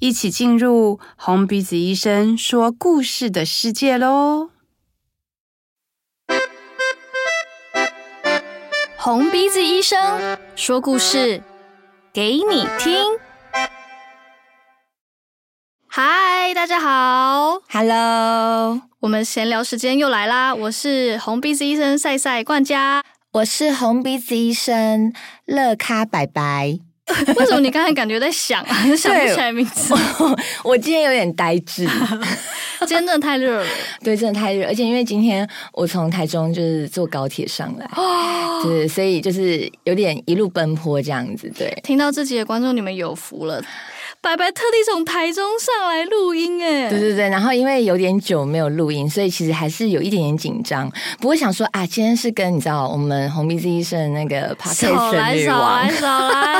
一起進入紅鼻子醫生說故事的世界嘍！紅鼻子醫生說故事給你聽。嗨，大家好，Hello，我們閒聊時間又來啦！我是紅鼻子醫生賽賽冠嘉，我是紅鼻子醫生樂咖白白。為什麼你剛才感覺在想、啊，想不起來名字我？我今天有點呆滯， 真的太熱了。對，真的太熱，而且因為今天我從台中就是坐高鐵上來，對、哦就是，所以就是有點一路奔波這樣子。對，聽到這集的觀眾，你們有福了。白白特地從台中上來錄音耶，哎，對對對，然後因為有點久沒有錄音，所以其實還是有一點點緊張。不過想說啊，今天是跟你知道我們紅鼻子醫生那個，少來少來少來，少來少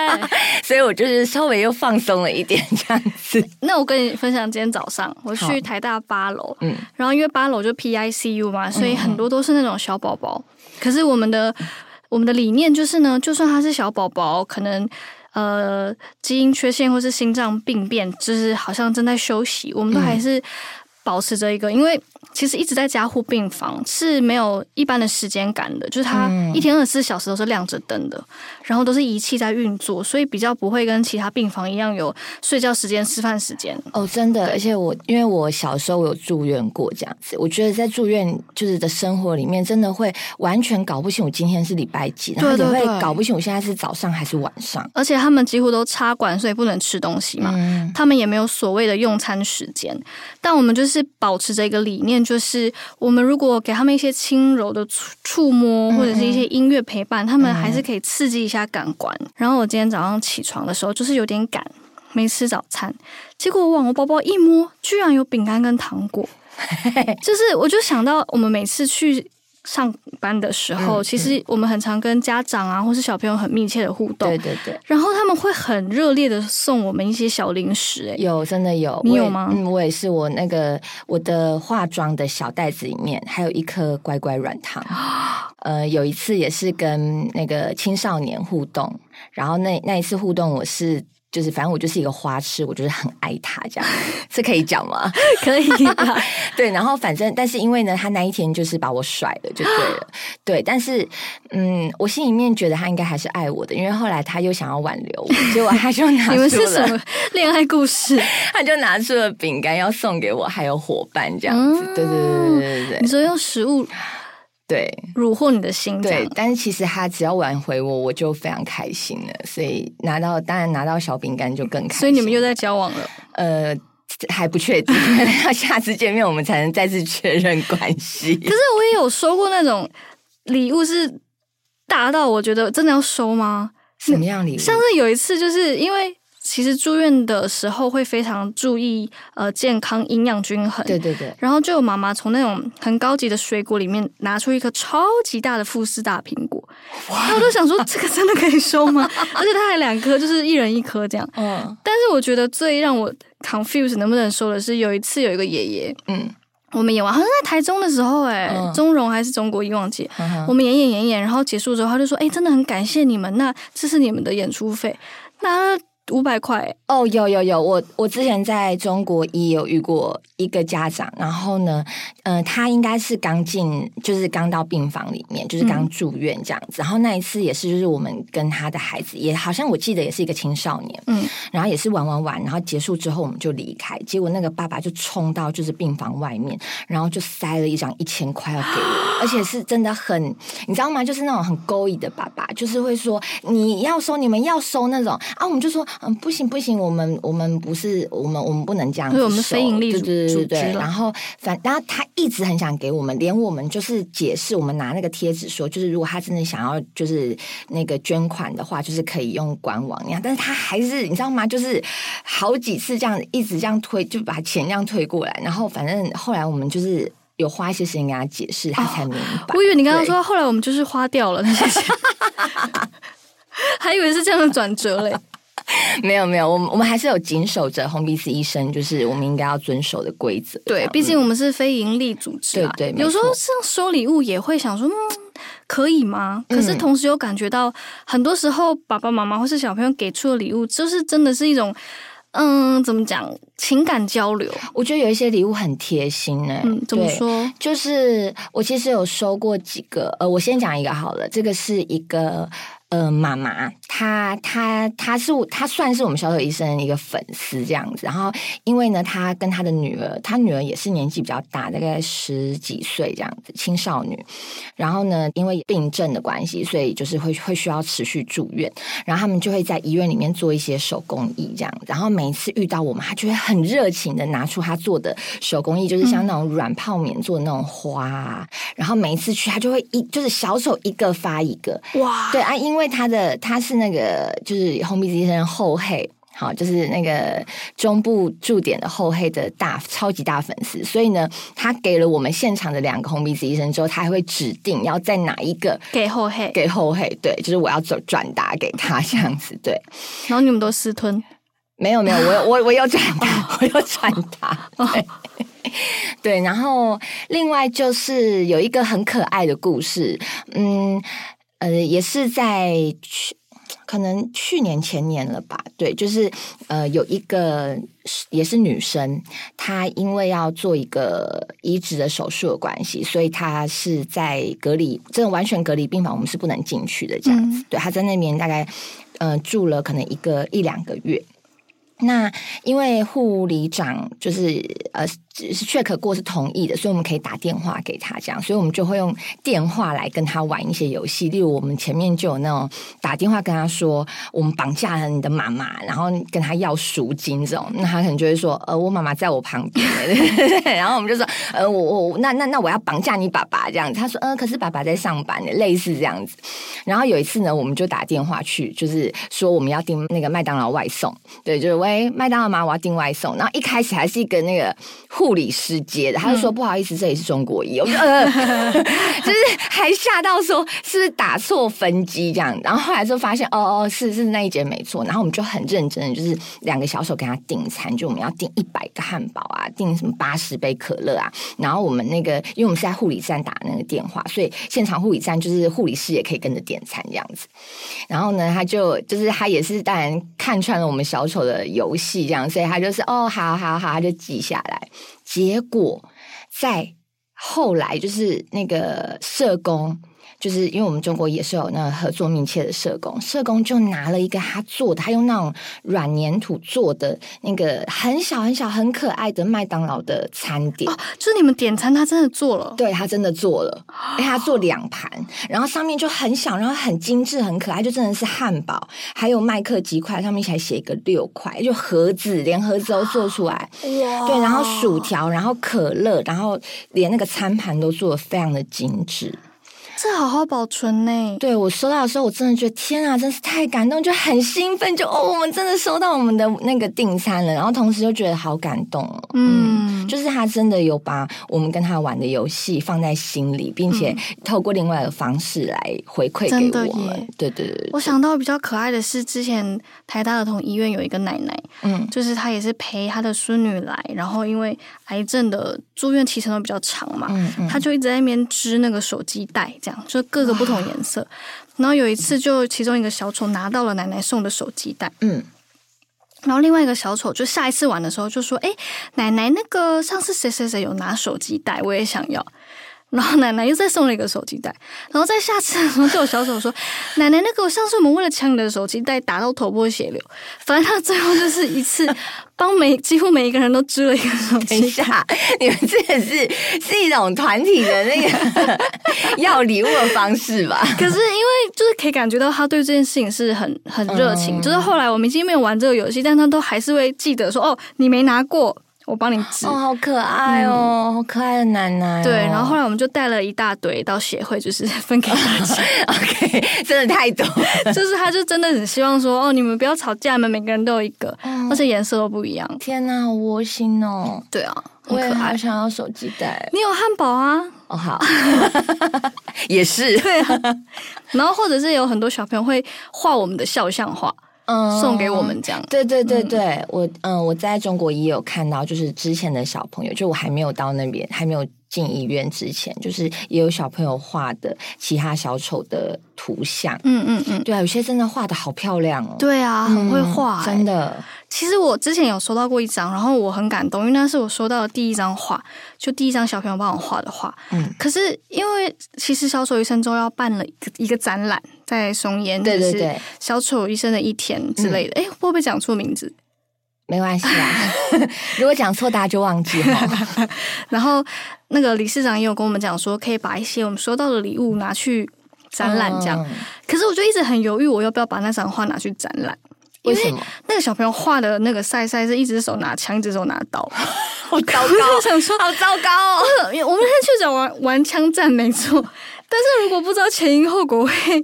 來 所以我就是稍微又放鬆了一點這樣子。那我跟你分享，今天早上我去台大八樓，嗯，然後因為八樓就 PICU 嘛，所以很多都是那種小寶寶。嗯、哼可是我們的我們的理念就是呢，就算他是小寶寶，可能。呃，基因缺陷，或是心臟病變，就是好像正在休息，我們都還是、嗯。保持這一個，因為其實一直在加護病房是沒有一般的時間感的，就是他一天二十四小時都是亮着燈的，然後都是儀器在運作，所以比較不會跟其他病房一樣有睡覺時間、吃飯時間。哦，真的，對，而且我因為我小時候有住院過這樣子，我覺得在住院就是的生活裡面，真的會完全搞不清我今天是禮拜幾，對對對對，然後你會搞不清我現在是早上還是晚上，而且他們幾乎都插管，所以不能吃東西嘛，嗯，他們也沒有所謂的用餐時間，但我們就是。保持着一個理念，就是我們如果給他們一些輕柔的觸觸摸，或者是一些音樂陪伴，嗯、他們還是可以刺激一下感官。嗯、然後我今天早上起床的時候，就是有點趕，沒吃早餐，結果我往我包包一摸，居然有餅乾跟糖果， 就是我就想到我們每次去上班的時候，嗯、其實我們很常跟家長啊，嗯、或是小朋友很密切的互動。對對對，然後他們會很熱烈的送我們一些小零食。欸，有真的有，你有嗎？嗯，我也是，我那個我的化妝的小袋子裡面還有一顆乖乖軟糖。呃，有一次也是跟那個青少年互動，然後那那一次互動我是。就是，反正我就是一個花痴，我就是很愛他，這樣這可以講嗎？ 可以啊 了， 對，然後反正，但是因為呢，他那一天就是把我甩了，就對了。 對，但是嗯，我心裡面覺得他應該還是愛我的，因為後來他又想要挽留我，結果他就拿出了你們是什麼戀 愛故事， 他就拿出了餅乾要送給我，還有伙伴這樣子。嗯、對對對對對對,對，你說用食物。對，虜獲你的心。對，但是其實他只要挽回我，我就非常開心了。所以拿到，當然拿到小餅乾就更開心。所以你們又在交往了？呃，還不確定，要 下次見面我們才能再次確認關係。可是我也有收過，那種禮物是大到我覺得真的要收嗎？什麼樣禮物？上次有一次，就是因為。其實住院的時候會非常注意呃健康營養均衡，對對對。然後就有媽媽從那種很高級的水果裡面拿出一顆超級大的富士大蘋果，哇！我都想說 這個真的可以收嗎？而且他還兩顆，就是一人一顆這樣。嗯、但是我覺得最讓我 confuse 能不能收的是，有一次有一個爺爺，嗯，我們演完好像在台中的時候、欸，哎、嗯，中榮還是中國醫，忘記，嗯、哼我們演，演演演演，然後結束之後他就說，哎、欸，真的很感謝你們，那這是你們的演出費，那五百塊哦，有有有，我我之前在中國也有遇過一個家長，然後呢，嗯、呃，他應該是剛進，就是剛到病房裡面，就是剛住院這樣子。嗯、然後那一次也是，就是我們跟他的孩子也好像我記得也是一個青少年，嗯，然後也是玩玩玩，然後結束之後我們就離開，結果那個爸爸就衝到就是病房外面，然後就塞了一張一千塊要給我，嗯、而且是真的很，你知道嗎？就是那種很勾引的爸爸，就是會說你要收，你們要收那種啊，我們就說。嗯，不行不行，我們我們不是我們我們不能這樣子，對我們非盈利組織，對對對。然後反，但他一直很想給我們，連我們就是解釋，我們拿那個貼紙說，就是如果他真的想要就是那個捐款的話，就是可以用官網呀。但是他還是你知道嗎？就是好幾次這樣一直這樣推，就把錢這樣推過來。然後反正後來我們就是有花一些時間給他解釋，他才明白。哦，我以為你剛剛說對後來我們就是花掉了那些錢，還以為是這樣的轉折嘞。沒有 沒有，我們我們還是有謹守着紅鼻子醫生，就是我們應該要遵守的規則。對，畢竟我們是非營利組織，啊，對對。有時候像收禮物，也會想說，嗯，可以嗎？可是同時又感覺到，很多時候爸爸媽媽或是小朋友給出的禮物，就是真的是一種，嗯，怎麼講？情感交流。我覺得有一些禮物很貼心呢，欸嗯。怎麼說？就是我其實有收過幾個，呃，我先講一個好了。這個是一個。呃，媽媽，她她她是她算是我們小丑醫生的一個粉絲這樣子。然後，因為呢，她跟她的女兒，她女兒也是年紀比較大，大概十幾歲這樣子，青少女。然後呢，因為病症的關係，所以就是會會需要持續住院。然後他們就會在醫院裡面做一些手工藝這樣子。然後每一次遇到我們，他就會很熱情的拿出他做的手工藝，就是像那種軟泡棉做的那種花。嗯、然後每一次去，他就會一就是小丑一個發一個哇對，對啊，因為。因為他的他是那個就是紅鼻子醫生後黑，好，就是那個中部駐點的後黑的大超級大粉絲，所以呢，他給了我們現場的兩個紅鼻子醫生之後，他還會指定要在哪一個給後黑給後黑，對，就是我要轉轉達給他這樣子，對。然後你們都私吞？沒有沒有，我我我有轉達，我有轉達， 轉達對， 對，然後另外就是有一個很可愛的故事，嗯。呃，也是在去，可能去年前年了吧？對，就是呃，有一個也是女生，她因為要做一個移植的手術的關係，所以她是在隔離，這種完全隔離病房，我們是不能進去的這樣子。嗯、對，她在那邊大概嗯、呃、住了可能一個一兩個月。那因為護理長就是呃。是 check 過是同意的，所以我們可以打電話給他這樣，所以我們就會用電話來跟他玩一些遊戲，例如我們前面就有那種打電話跟他說我們綁架了你的媽媽，然後跟他要贖金這種，那他可能就會說呃，我媽媽在我旁邊，對對對 然後我們就說呃，我我那那那我要綁架你爸爸這樣子，他說嗯，可是爸爸在上班的，類似這樣子，然後有一次呢我們就打電話去就是說我們要訂那個麥當勞外送，對，就是喂，麥當勞嗎？我要訂外送，然後一開始還是一個那個戶。護理師接的，他就說不好意思，嗯、這裡是中國醫，呃， 就是還嚇到說是不是打錯分機這樣，然後後來就發現哦哦是是那一節沒錯，然後我們就很認真就是兩個小丑給他訂餐，就我們要訂一百個漢堡啊，訂什麼八十杯可樂啊，然後我們那個因為我們是在護理站打那個電話，所以現場護理站就是護理師也可以跟着點餐這樣子，然後呢他就就是他也是當然看穿了我們小丑的遊戲這樣，所以他就是哦好好好他就記下來。結果在後來就是那個社工。就是因為我們中國也是有那個合作密切的社工，社工就拿了一個他做的，他用那種軟粘土做的那個很小很小很可愛的麥當勞的餐點。哦，就是你們點餐，他真的做了？對，他真的做了，因、欸、為他做兩盤，然後上面就很小，然後很精緻，很可愛，就真的是漢堡，還有麥克雞塊，上面還寫一個六塊，就盒子連盒子都做出來。哇！對，然後薯條，然後可樂，然後連那個餐盤都做得非常的精緻。是好好保存呢。對，我收到的時候，我真的覺得天啊，真是太感動，就很興奮，就哦，我們真的收到我們的那個訂餐了，然後同時又覺得好感動哦。嗯，嗯，就是他真的有把我們跟他玩的遊戲放在心裡，並且透過另外的方式來回饋給我們。對，對對對對，我想到比較可愛的是，之前台大兒童醫院有一個奶奶，嗯，就是她也是陪她的孫女來，然後因為癌症的住院期程都比較長嘛，嗯，嗯，她就一直在那邊織那個手機袋。就各個不同顏色，啊、然後有一次就其中一個小丑拿到了奶奶送的手機袋，嗯，然後另外一個小丑就下一次玩的時候就說：“誒、欸、奶奶，那個上次誰誰誰有拿手機袋，我也想要。”然後奶奶又再送了一個手機袋，然後再下次的時候，就有小手說：“ 奶奶，那個我上次我們為了搶你的手機袋，帶打到頭破血流，反正他最後就是一次幫每 幾乎每一個人都織了一個手機袋。”等一下，你們這也是是一種團體的那個 要禮物的方式吧？可是因為就是可以感覺到他對這件事情是很很熱情，嗯、就是後來我們已經沒有玩這個遊戲，但他都還是會記得說：“哦，你沒拿過。”我幫你織哦，好可愛哦，嗯、好可愛的奶奶、哦。對，然後後來我們就帶了一大堆到協會，就是分給他家。 OK，真的太多，就是他就真的很希望說，哦，你們不要吵架，你們每個人都有一個，哦、而且顏色都不一樣。天哪、好，窩心哦。對啊，我可愛，也想要手機袋。你有漢堡啊？哦，oh, 好， 也是。 對、啊。然後，或者是有很多小朋友會畫我們的肖像畫。嗯，送給我們這樣。嗯、對對對對，嗯我嗯，我在中國也有看到，就是之前的小朋友，就我還沒有到那邊，還沒有進醫院之前，就是也有小朋友畫的其他小丑的圖像。嗯嗯嗯，對啊，有些真的畫的好漂亮哦。對啊，很會畫、欸，嗯，真的。其實我之前有收到過一張，然後我很感動，因為那是我收到的第一張畫，就第一張小朋友幫我畫的畫。嗯，可是因為其實小丑醫生中要辦了一個一個展覽，在松菸，對對對，小丑醫生的一天之類的，哎、嗯，會不會講錯名字？沒關係啊， 如果講錯大家就忘記了、哦、 然後那個理事長也有跟我們講說，可以把一些我們收到的禮物拿去展覽，這樣。嗯、可是我就一直很猶豫，我要不要把那張畫拿去展覽？因為那個小朋友畫的那個賽賽是一隻手拿槍，一隻手拿刀， 好糟糕！ 我想說好糟糕哦。 我們現在去找玩玩槍戰沒錯，但是如果不知道前因後果會、會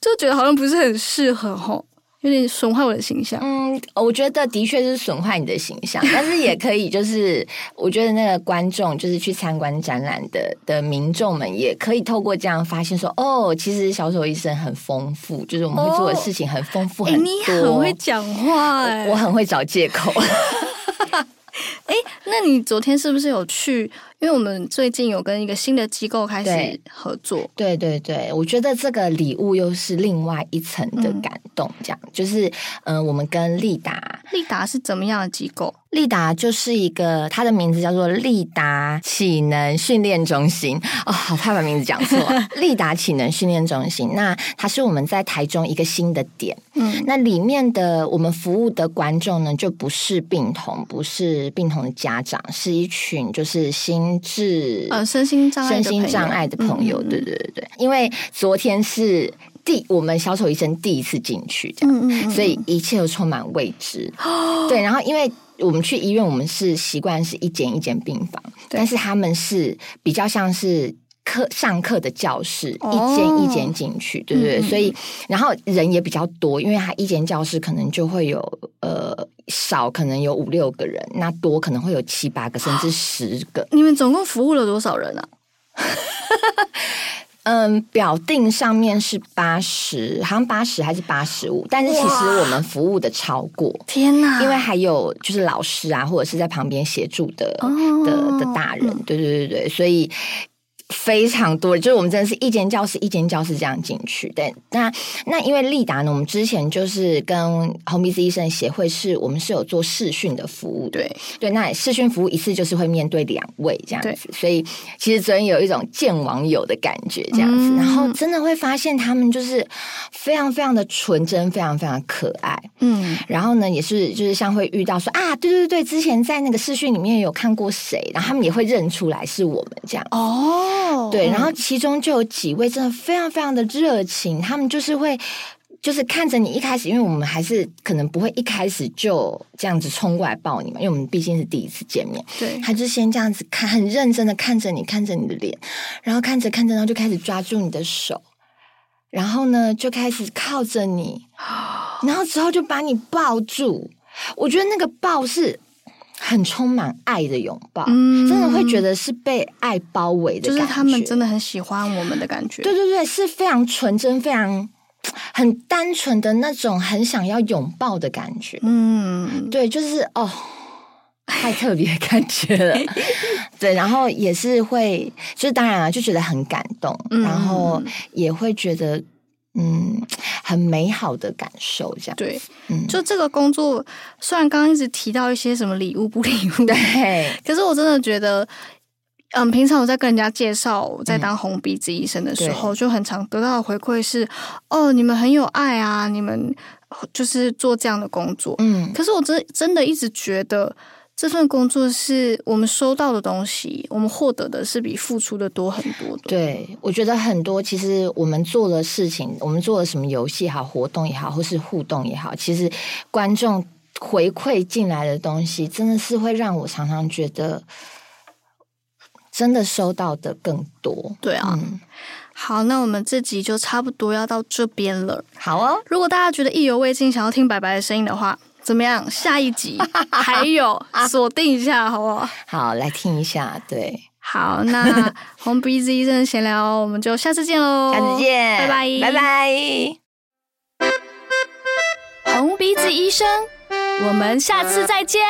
就覺得好像不是很適合吼。有點損壞我的形象。嗯，我覺得的確是損壞你的形象，但是也可以，就是 我覺得那個觀眾就是去參觀展覽的的民眾們，也可以透過這樣發現說，哦，其實小丑醫生很豐富，就是我們會做的事情很豐富很，很多、哦、你很會講話，我，我很會找借口。哎， 那你昨天是不是有去？因為我們最近有跟一個新的機構開始合作對，對對對，我覺得這個禮物又是另外一層的感動，這樣、嗯、就是，嗯、呃，我們跟利達，利達是怎麼樣的機構？利達就是一個，他的名字叫做利達啟能訓練中心啊、哦，好怕把名字講錯，利 達啟能訓練中心。那它是我們在台中一個新的點，嗯，那裡面的我們服務的觀眾呢，就不是病童，不是病童的家長，是一群就是新。治呃、嗯，身心障身心障礙的朋友，對對對，對因為昨天是第我們小丑醫生第一次進去這樣，嗯，嗯，嗯，嗯，所以一切都充滿未知。哦、對，然後因為我們去醫院，我們是習慣是一間一間病房，對但是他們是比較像是。課上課的教室一間一間進去，oh, 對不對？嗯、所以然後人也比較多，因為他一間教室可能就會有呃少可能有五六個人，那多可能會有七八個甚至十個。你們總共服務了多少人啊？ 嗯，表定上面是八十，好像八十還是八十五，但是其實我們服務的超過、wow、天吶，因為還有就是老師啊，或者是在旁邊協助的、oh, 的的大人，對對對對，嗯、所以。非常多，就是我們真的是一間教室一間教室這樣進去。對，那那因為利達呢，我們之前就是跟紅鼻子醫生協會是，是我們是有做視訊的服務。對對，那也視訊服務一次就是會面對兩位這樣子，對所以其實真有一種見網友的感覺這樣子。嗯、然後真的會發現他們就是非常非常的純真，非常非常可愛。嗯，然後呢，也是就是像會遇到說啊，對對對對，之前在那個視訊裡面有看過誰，然後他們也會認出來是我們這樣。哦。對，然後其中就有幾位真的非常非常的熱情，他們就是會，就是看着你一開始，因為我們還是可能不會一開始就這樣子衝過來抱你嘛，因為我們畢竟是第一次見面，對，他就先這樣子看，很認真的看着你，看着你的臉，然後看着看着，然後就開始抓住你的手，然後呢就開始靠着你，然後之後就把你抱住，我覺得那個抱是。很充滿愛的擁抱，嗯、真的會覺得是被愛包圍的感覺，就是他們真的很喜歡我們的感覺。對對對，是非常純真、非常很單純的那種很想要擁抱的感覺。嗯，對，就是哦，太特別感覺了。 對，然後也是會，就是當然了，就覺得很感動，嗯、然後也會覺得。嗯，很美好的感受，這樣對。嗯、就這個工作，雖然剛剛一直提到一些什麼禮物不禮物，對，可是我真的覺得，嗯，平常我在跟人家介紹，我在當紅鼻子醫生的時候，對就很常得到的回饋是，哦，你們很有愛啊，你們就是做這樣的工作，嗯。可是我真真的一直覺得。這份工作是我們收到的東西，我們獲得的是比付出的多很多的。對，我覺得很多，其實我們做的事情，我們做了什麼遊戲好，活動也好，或是互動也好，其實觀眾回饋進來的東西，真的是會讓我常常覺得，真的收到的更多。對啊，嗯、好，那我們這集就差不多要到這邊了。好哦，如果大家覺得意猶未盡，想要聽白白的聲音的話。怎麼樣？下一集還有，鎖定一下好不好？ 好，來聽一下。對，好，那紅鼻子醫生閒聊， 我們就下次見嘍。下次見，拜拜 bye，拜拜 bye。紅鼻子醫生，我們下次再見。